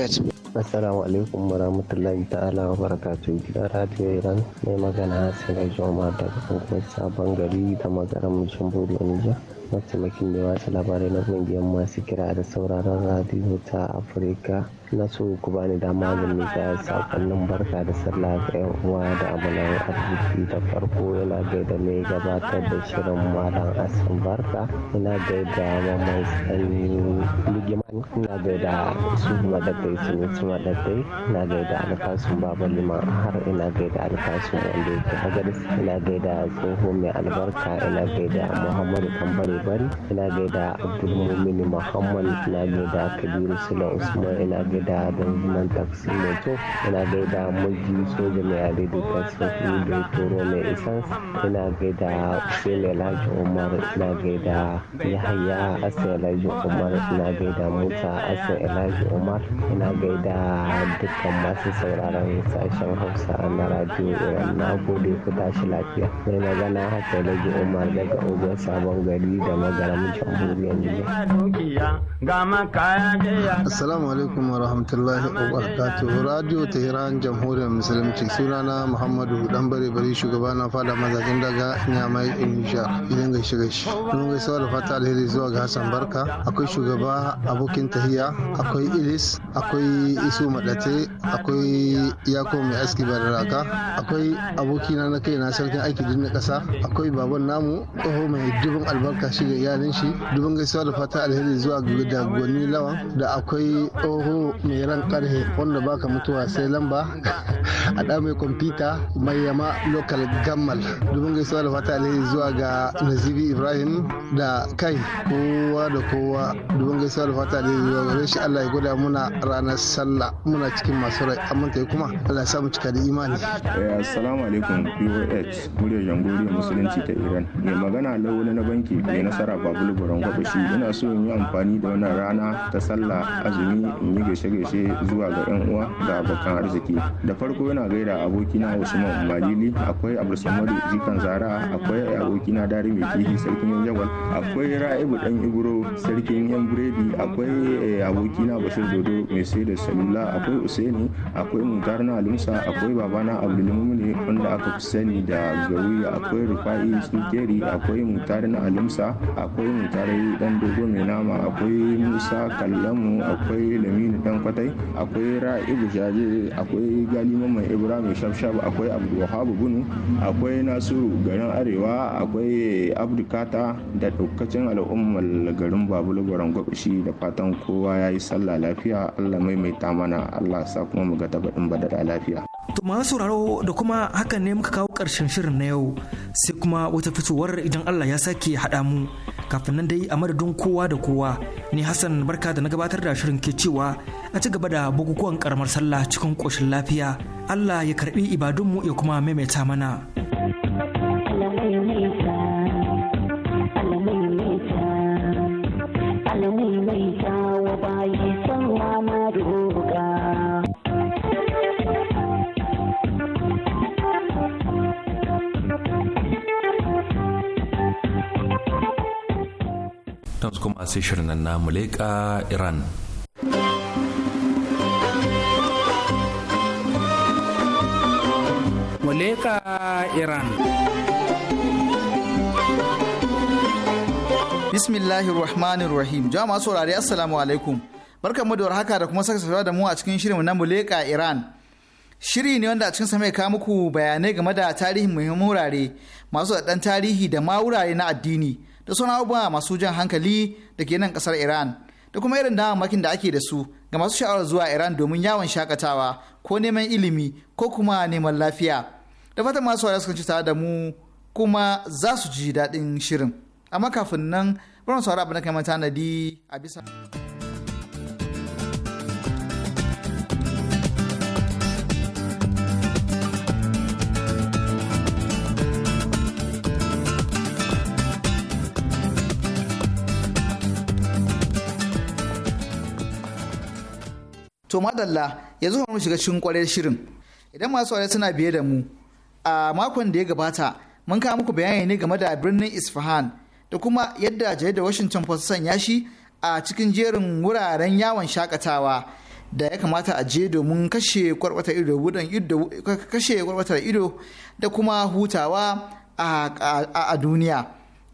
Assalamu alaikum wa rahmatullahi ta'ala wa barakatuhu gidan Radio Iran mai magana Hassan Joma daga kuma sabon gari da magaran Budu Nijar. Mataimakin da wasu labarai na kungiyar masu kira da sauraron radio ta Afirka na so ku bani dama da mika sakonnin barka da sallah ga yan uwa da amalan arziki da farko yana gaida ne gabatar da shirin malam asin barka yana gaida mamman sanyi ligiman yana gaida su madaddai su wasu madaddai yana gaida alkasun baba liman har yana gaida alkasun wanda ta hagaris yana gaida tsoho mai albarka yana gaida muhammadu tambari bari yana gaida abdulmumini muhammad yana gaida kabiru sula usman yana gaida gaida danjiman taksi mai ina gaida mugi soja mai yare da da toro mai isan ina gaida usaini alhaji umar gaida yahaya asan alhaji umar gaida musa asan alhaji umar ina gaida dukkan masu sauraron sashen hausa na radio iran na gode ku tashi lafiya mai magana haka alhaji umar daga ogun sabon gari da magaramin jamhuriyar nijar. Assalamu alaikum wa rahmatullahi wa barakatuh radio tehran jamhuriyar musulunci sunana muhammadu dan bare bari shugaba na fada mazajen daga nyamai indonesia idan ga shiga shi mun ga sawar fata alheri zuwa ga hassan barka akwai shugaba abokin tahiya akwai ilis akwai isu madate akwai yako mai aski bararaka akwai aboki na kai na sarkin aiki din na kasa akwai baban namu tsoho mai dubin albarka shi da iyalin shi dubin gaisuwa da fata alheri zuwa ga gwani lawan da akwai tsoho mai ran karhe wanda baka mutuwa sai lamba [LAUGHS] a da mai kwamfuta mai yama local gammal domin gaisuwa da fata alheri zuwa ga nazibi ibrahim da kai kowa da kowa domin gaisuwa da fata alheri zuwa gare shi allah ya gwada muna ranar sallah muna cikin masu rai amma ta kuma allah ya samu cika da imani eh, assalamu alaikum pox muryar jamhuriyar musulunci ta iran mai magana lawali na banki mai nasara babulu buran gwabashi ina so yin yi amfani da wannan rana ta sallah azumi in yi shirye gaishe zuwa ga 'yan uwa da abokan arziki da farko yana gaida abokina usman malili akwai abdulsamadu jikan zara akwai abokina dari mai kihi sarkin yan jagwal akwai ra'ibu dan ibro sarkin yan buredi akwai eh, abokina bashir dodo mai sai da salula akwai usaini akwai mutar na akwai babana abdulmumini wanda aka fi sani da gawi akwai rufa'i sikeri akwai mutar na akwai mutarai dan dogo mai nama akwai musa kallamu akwai lamini dan birnin kwatai akwai ra'ibu jaje akwai gali mamman ibrahim shabshab akwai abdulwahabu bunu akwai nasiru garin arewa akwai abdukata da daukacin al'ummar garin babulu baron gwabshi da fatan kowa yayi sallah lafiya allah maimaita mana allah sa kuma mu ga tabaɗin badada lafiya To masu sauraro da kuma hakan ne muka kawo ƙarshen shirin na yau sai kuma wata fitowar idan Allah ya sake haɗa mu kafin nan dai a madadin kowa da kowa ne Hassan barka da na gabatar da shirin ke cewa a ci gaba da bukukuwan karamar sallah cikin ƙoshin lafiya Allah ya karbi ibadunmu ya kuma maimaita mana. masu shirin na muleka iran muleka iran bismillahir rahmanir rahim jama'a masu saurari assalamu alaikum mu da warhaka da kuma saka saurara da mu a cikin shirin na muleka iran shiri ne wanda a cikin mai kawo muku bayanai game da tarihin muhimmin wurare masu da tarihi da ma wurare na addini da sauran abubuwa masu jan hankali da ke nan kasar Iran da kuma irin damammakin da ake da su ga masu sha'awar zuwa Iran domin yawon shakatawa ko neman ilimi ko kuma neman lafiya. Da fatan masu wari sukan ci tare da mu kuma za su ji daɗin shirin. Amma kafin nan, bari mu saurara abin da kai tanadi a bisa. to madalla yanzu mu shiga cikin kwarar shirin idan masu aure suna biye da mu a makon da ya gabata mun kawo muku bayani ne game da birnin isfahan da kuma yadda jaridar washington post sanya shi a cikin jerin wuraren yawon shakatawa da ya kamata a je domin kashe kwarwatar ido gudan ido kashe ido da kuma hutawa a duniya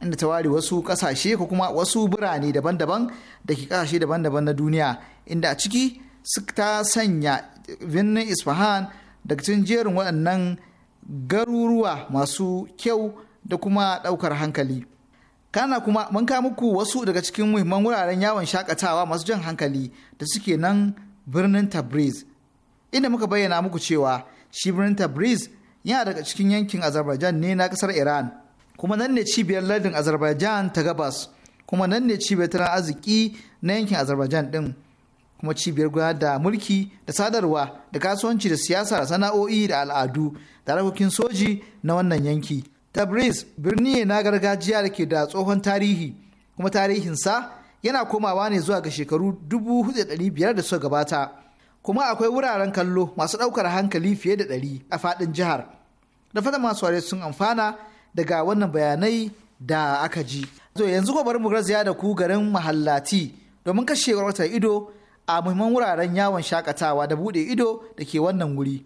inda ta ware wasu kasashe ko kuma wasu birane daban-daban da ke kasashe daban-daban na duniya inda a ciki ta sanya birnin isfahan daga cikin jerin waɗannan garuruwa masu kyau da kuma ɗaukar hankali kana kuma mun ka muku wasu daga cikin muhimman wuraren yawon shakatawa masu jan hankali da suke nan birnin tabriz inda muka bayyana muku cewa shi birnin tabriz yana daga cikin yankin azerbaijan ne na ƙasar iran kuma nan ne cibiyar lardin azerbaijan ta gabas kuma nan ne cibiyar tana arziki na yankin azerbaijan din kuma cibiyar gudanar da mulki da sadarwa da kasuwanci da siyasa da sana'o'i da al'adu da harkokin soji na wannan yanki. Tabriz birni ne na gargajiya da ke da tsohon tarihi kuma tarihinsa yana komawa ne zuwa ga shekaru 1500 da suka gabata. Kuma akwai wuraren kallo masu ɗaukar hankali fiye da ɗari a faɗin jihar. Da fata masu ware sun amfana daga wannan bayanai da aka ji. yanzu ko bari mu garzaya da ku garin mahallati domin kashewar wata ido a muhimman wuraren yawon shakatawa da buɗe ido da ke wannan wuri.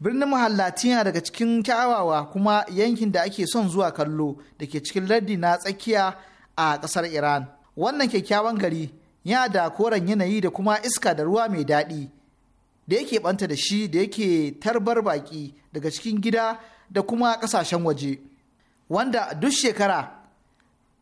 Birnin mahallaci yana daga cikin kyawawa kuma yankin da ake son zuwa kallo da ke cikin lardi na tsakiya a ƙasar Iran. Wannan kyakkyawan gari ya da koren yanayi da kuma iska da ruwa mai daɗi da yake ɓanta da shi da yake tarbar baƙi daga cikin gida da kuma ƙasashen waje. Wanda duk shekara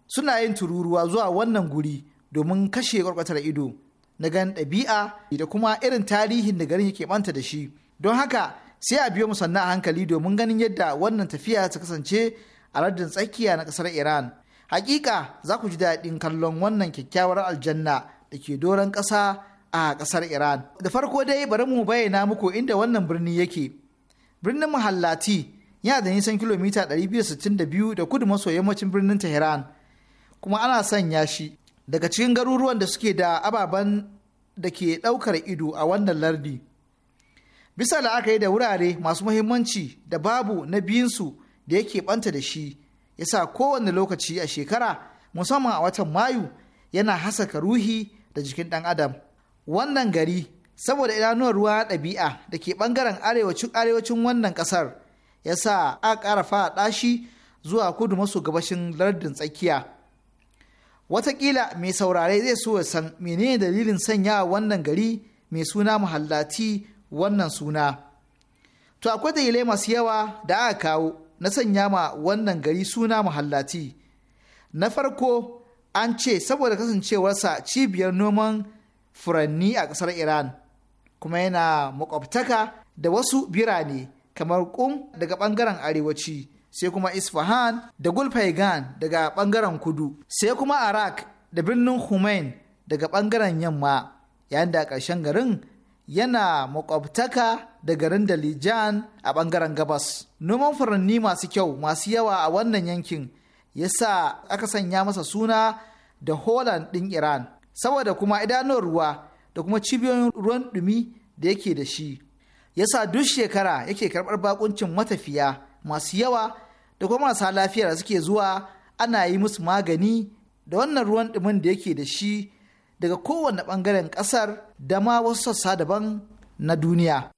suna yin tururuwa zuwa wannan guri domin kashe ido. na ganin ɗabi'a da kuma irin tarihin da garin yake ɓanta da shi don haka sai a biyo mu sannan a hankali domin ganin yadda wannan tafiya ta kasance a lardin tsakiya na ƙasar iran hakika za ku ji daɗin kallon wannan kyakkyawar aljanna da ke doron ƙasa a ƙasar iran da farko dai bari mu bayyana muku inda wannan birni yake birnin muhallati yana da nisan kilomita 262 da kudu maso yammacin birnin tehran kuma ana sanya shi daga cikin garuruwan da suke da ababen da ke ɗaukar ido a wannan lardi bisa la'akari da wurare masu muhimmanci da babu na biyunsu da yake ɓanta da shi ya sa kowane lokaci a shekara musamman a watan mayu yana hasaka ruhi da jikin ɗan adam wannan gari saboda idanuwar ruwa ɗabi'a da ke ɓangaren arewacin wannan ƙasar ya sa a ƙara fara ɗashi zuwa kudu maso gabashin lardin tsakiya Wataƙila mai saurare zai so ya san menene dalilin sanya wannan gari mai suna muhallati wannan suna to akwai dalilai masu yawa da aka kawo na sanya ma wannan gari suna muhallati na farko an ce saboda kasancewarsa cibiyar noman furanni a ƙasar iran kuma yana makwabtaka da wasu birane kamar kum daga ɓangaren arewaci sai kuma Isfahan da Gulfaigan daga ɓangaren kudu, sai kuma Arak da birnin Humain daga ɓangaren yamma, yayin da ƙarshen garin yana makwabtaka da garin Dalijan a ɓangaren gabas. Noman furanni masu kyau masu yawa a wannan yankin ya sa aka sanya masa suna da Holland ɗin Iran, saboda kuma idanun ruwa da kuma cibiyoyin ruwan ɗumi da yake da shi. Ya sa duk shekara yake karɓar bakuncin matafiya masu yawa da kuma marasa lafiya da suke zuwa ana yi musu magani da wannan ruwan ɗumin da yake da shi daga kowane ɓangaren ƙasar da ma wasu sassa daban na duniya.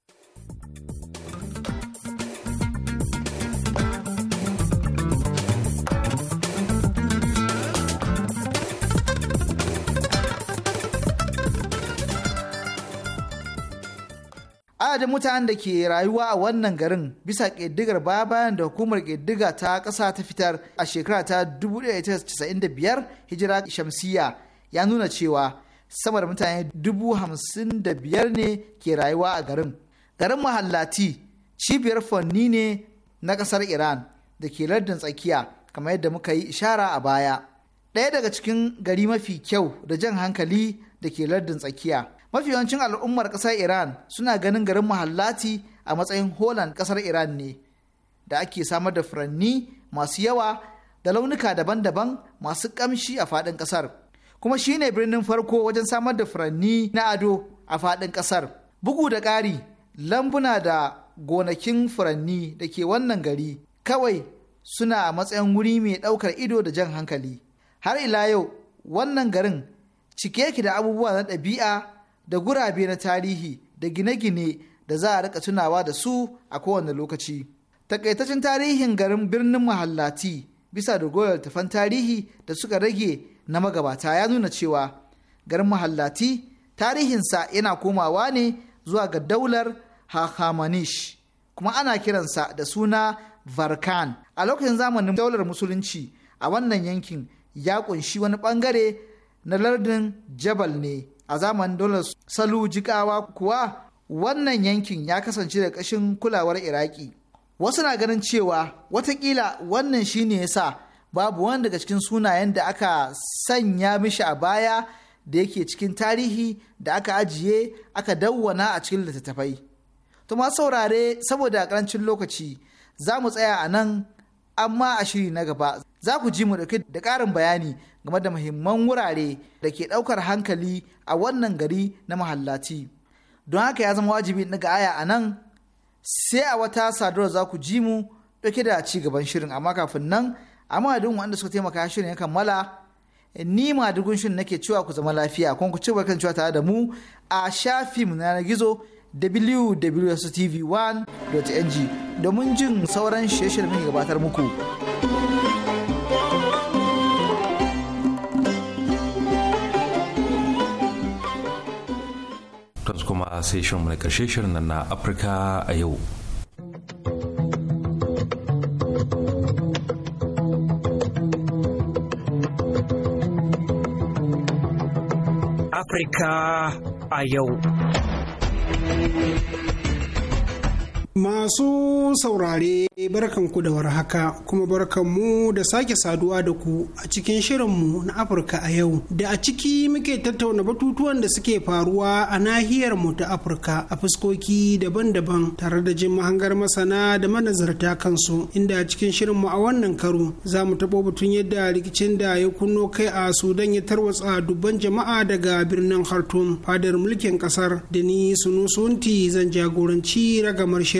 Adadin mutanen da ke rayuwa a wannan garin bisa ƙiddigar baya bayan da hukumar ƙiddiga ta ƙasa ta fitar a shekara ta 1995 hijira shamsiya ya nuna cewa sama da mutane 55,000 ne ke rayuwa a garin. Garin mahallati cibiyar fanni ne na ƙasar Iran da ke lardin tsakiya kamar yadda muka yi ishara a baya. Ɗaya daga cikin gari mafi kyau da jan hankali da ke lardin tsakiya. mafi yawancin al'ummar ƙasar iran suna ganin garin mahallati a matsayin holan ƙasar iran ne da ake samar da furanni masu yawa da launuka daban-daban masu ƙamshi a faɗin ƙasar kuma shine birnin farko wajen samar da furanni na ado a faɗin ƙasar bugu da ƙari lambuna da gonakin furanni da ke wannan gari kawai suna a matsayin wuri mai ɗaukar ido da jan hankali har ila yau wannan garin cike yake da abubuwa na ɗabi'a da gurabe na tarihi da gine-gine da za a rika tunawa da su a kowane lokaci. Takaitaccen tarihin garin birnin mahallati bisa da goyon tafan tarihi da suka rage na magabata ya nuna cewa garin mahallati tarihinsa yana komawa ne zuwa ga daular Hakamanish kuma ana kiransa da suna Varkan. A lokacin zamanin daular musulunci a wannan yankin ya ƙunshi wani ɓangare na lardin Jabal ne a zamanin dole salujikawa kuwa wannan yankin ya kasance da ƙashin kulawar iraki wasu na ganin cewa watakila wannan shine yasa babu wani daga cikin sunayen da aka sanya mishi a baya da yake cikin tarihi da aka ajiye aka dawwana a cikin littattafai Tuma saurare saboda karancin lokaci za mu tsaya a nan amma a shiri na gaba za ku ji mu dauke da ƙarin bayani game da muhimman wurare da ke ɗaukar hankali a wannan gari na mahallaci. Don haka ya zama wajibi ɗaga aya a nan sai a wata sadarwa za ku ji mu ɗauke da ci gaban shirin amma kafin nan a madadin wanda suka taimaka shirin ya kammala ni ma dugun shirin nake cewa ku zama lafiya kuma ku ci kan cewa tare da mu a shafi mu na gizo www.tv1.ng domin jin sauran shirye-shiryen da gabatar muku. Tos kuma sai shirin na karshe shirin nan na Afirka a yau. Afirka a yau. Thank you. Masu saurare barkanku da warhaka kuma barkanmu da sake saduwa da ku a cikin shirinmu na Afirka a yau da a ciki muke tattauna batutuwan da suke faruwa a nahiyar mu ta Afirka a fuskoki daban-daban tare da jin mahangar masana da manazarta kansu inda a cikin shirinmu a wannan karo za mu taɓo batun yadda rikicin da ya kunno kai a Sudan ya tarwatsa dubban jama'a daga birnin Khartoum fadar mulkin kasar da ni Sunusunti zan jagoranci ragamar shirin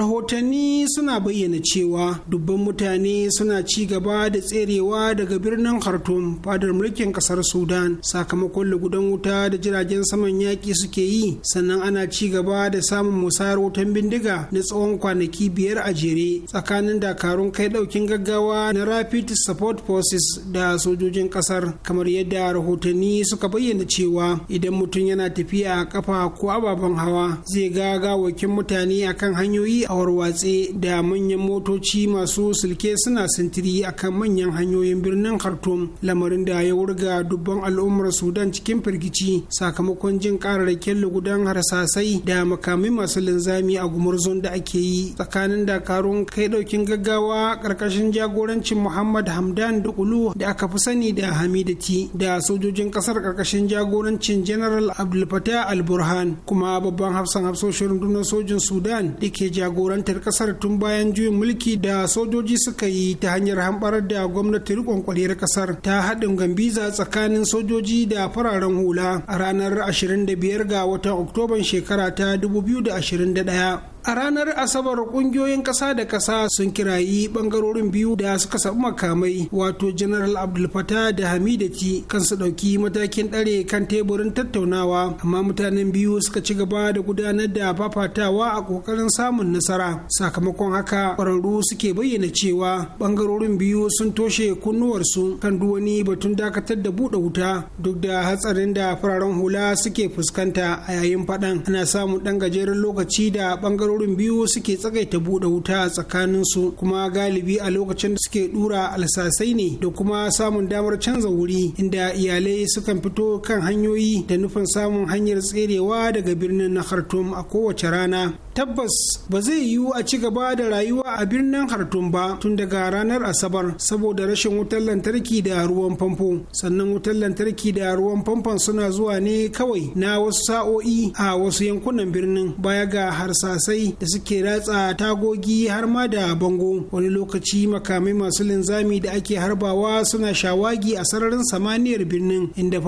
rahotanni suna bayyana cewa dubban mutane suna ci gaba da tserewa daga birnin khartoum fadar mulkin kasar sudan sakamakon lugudan wuta da jiragen saman yaƙi suke yi sannan ana ci gaba da samun musayar wutan bindiga na tsawon kwanaki biyar a jere tsakanin dakarun kai ɗaukin gaggawa na rapid support forces da sojojin kasar kamar yadda rahotanni suka bayyana cewa idan mutum yana tafiya a kafa ko ababen hawa zai ga gawakin mutane akan hanyoyi awar watsi da manyan motoci masu silke suna sintiri a kan manyan hanyoyin birnin khartoum lamarin da ya wurga dubban al'ummar sudan cikin firgici sakamakon jin kararrakin lugudan harsasai da makami masu linzami a gumurzon da ake yi tsakanin dakarun kai daukin gaggawa karkashin jagorancin muhammad hamdan da ulu da aka fi sani da hamidati da sojojin kasar karkashin jagorancin general abdulfatah al-burhan kuma babban hafsan hafsoshin rundunar sojin sudan da ke jagorantar kasar tun bayan juyin mulki da sojoji suka yi ta hanyar hamɓarar da gwamnati rikon kwaliyar kasar ta haɗin gambiza tsakanin sojoji da fararen hula a ranar 25 ga watan oktoban shekara ta 2021 A ranar Asabar kungiyoyin ƙasa da ƙasa sun kirayi ɓangarorin biyu da suka sabu makamai wato General Abdul Fattah da Hamidati kan su ɗauki matakin ɗare kan teburin tattaunawa amma mutanen biyu suka ci gaba da gudanar da fafatawa a ƙoƙarin samun nasara sakamakon haka ƙwararru suke bayyana cewa ɓangarorin biyu sun toshe kunnuwarsu kan duwani batun dakatar da buɗe wuta duk da hatsarin da fararen hula suke fuskanta a yayin faɗan ana samun ɗan gajeren lokaci da ɓangarorin bangarorin biyu suke tsagaita buɗe wuta tsakanin su kuma galibi a lokacin da suke dura alsasai ne da kuma samun damar canza wuri inda iyalai sukan fito kan hanyoyi da nufin samun hanyar tserewa daga birnin na Khartoum a kowace rana tabbas ba zai yiwu a ci gaba da rayuwa a birnin hartun ba tun daga ranar asabar saboda rashin wutar lantarki da ruwan famfo sannan wutar lantarki da ruwan famfon suna zuwa ne kawai na wasu sa'o'i a wasu yankunan birnin baya ga harsasai da suke ratsa tagogi har ma da bango wani lokaci makamai masu linzami da ake harbawa suna shawagi a sararin samaniyar birnin inda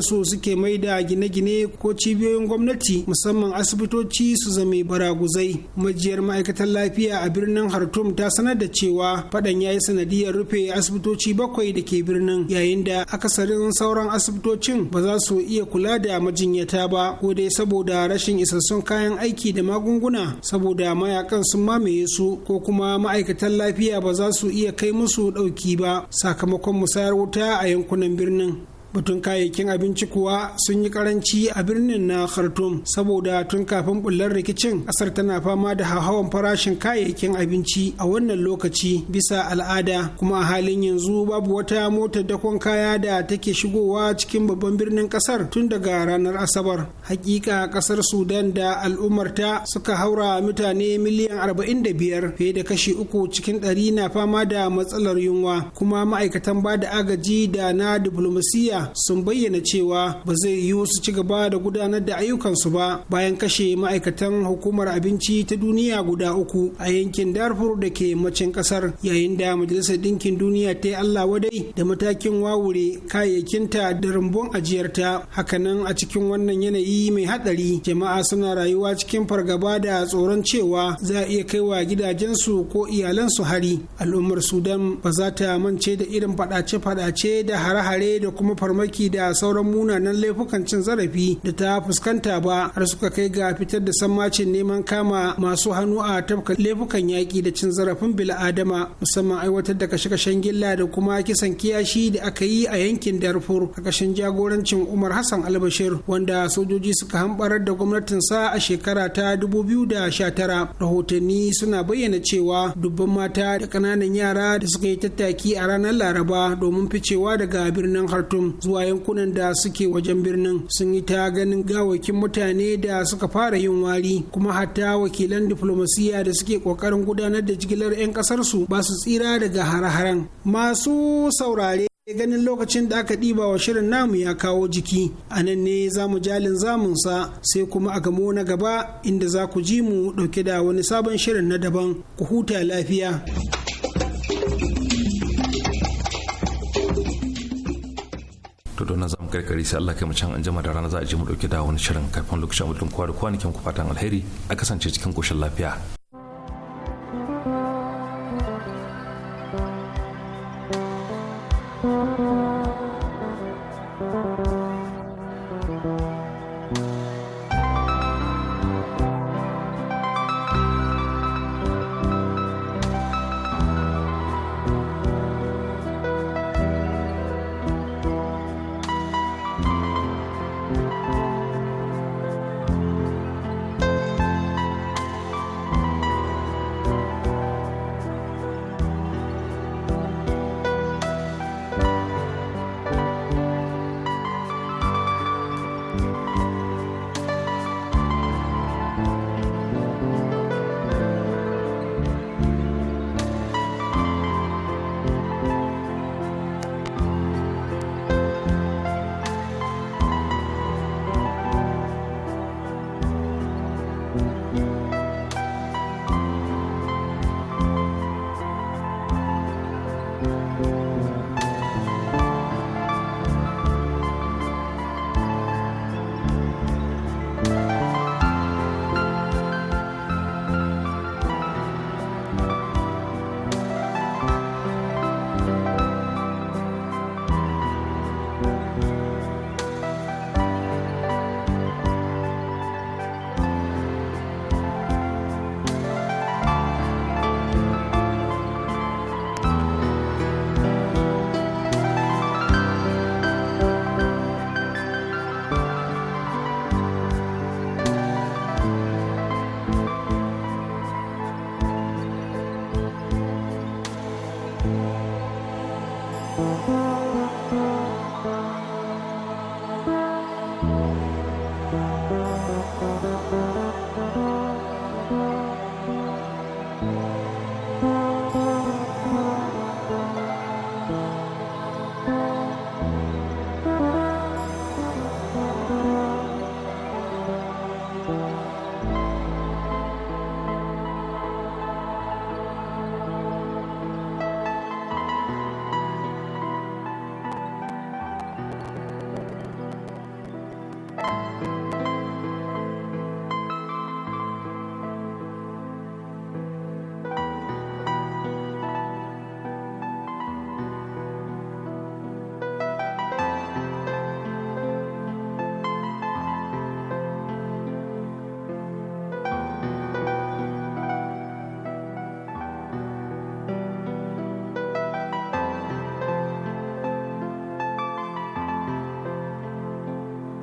su suke mai da gine-gine ko cibiyoyin gwamnati musamman asibitoci su zame bara baraguzai majiyar ma'aikatar lafiya a birnin hartum ta sanar da cewa fadan ya yi sanadiyar rufe asibitoci bakwai da ke birnin yayin da akasarin sauran asibitocin ba za su iya kula da majinyata ba ko dai saboda rashin isassun kayan aiki da magunguna saboda mayakan sun mamaye su ko kuma ma'aikatan lafiya ba za su iya kai musu ɗauki ba sakamakon musayar wuta a yankunan birnin batun kayayyakin abinci kuwa sun yi karanci a birnin na khartoum saboda tun kafin bullar rikicin kasar tana fama da hauhawan farashin kayayyakin abinci a wannan lokaci bisa al'ada kuma a halin yanzu babu wata motar dakon kaya da take shigowa cikin babban birnin kasar tun daga ranar asabar hakika kasar sudan da al'ummarta suka haura mutane miliyan 45 fiye da kashi uku cikin ɗari na fama da matsalar yunwa kuma ma'aikatan ba da agaji da na diflomasiyya sun bayyana cewa ba zai yiwu su ci gaba da gudanar da ayyukansu ba bayan kashe ma'aikatan hukumar abinci ta duniya guda uku a yankin Darfur da ke macin kasar yayin da Majalisar ɗinkin Duniya ta yi Allah wadai da matakin wawure kayayyakinta da rumbun ajiyarta hakanan a cikin wannan yanayi mai hadari jama'a suna rayuwa cikin fargaba da tsoron cewa za a iya kaiwa gidajensu ko iyalansu hari al'ummar Sudan ba za ta mance da irin faɗace-faɗace da hare-hare da kuma farmaki da sauran munanan laifukan cin zarafi da ta fuskanta ba har suka kai ga fitar da sammacin neman kama masu hannu a tafka laifukan yaƙi da cin zarafin bil'adama musamman aiwatar da kashe-kashen gilla da kuma kisan kiyashi da aka yi a yankin darfur a kashin jagorancin umar hassan albashir wanda sojoji suka hambarar da gwamnatinsa a shekara ta da 2019 rahotanni suna bayyana cewa dubban mata da ƙananan yara da suka yi tattaki a ranar laraba domin ficewa daga birnin hartum zuwa yankunan da suke wajen birnin sun yi ta ganin gawakin mutane da suka fara yin wari kuma hatta wakilan diplomasiya da suke kokarin gudanar da jigilar 'yan kasarsu ba su tsira daga hare-haren masu saurare ganin lokacin da aka ɗiba wa shirin namu ya kawo jiki a nan ne za mu jalin zamunsa sai kuma a gamo na gaba inda za ku ji mu ɗauke da wani sabon shirin na daban ku huta lafiya. to don zamu karkari sai Allah kai mu can anjima da rana za a je mu dauke da wani shirin kafin lokacin mutum kwa da kwanakin ku fatan alheri a kasance cikin koshin lafiya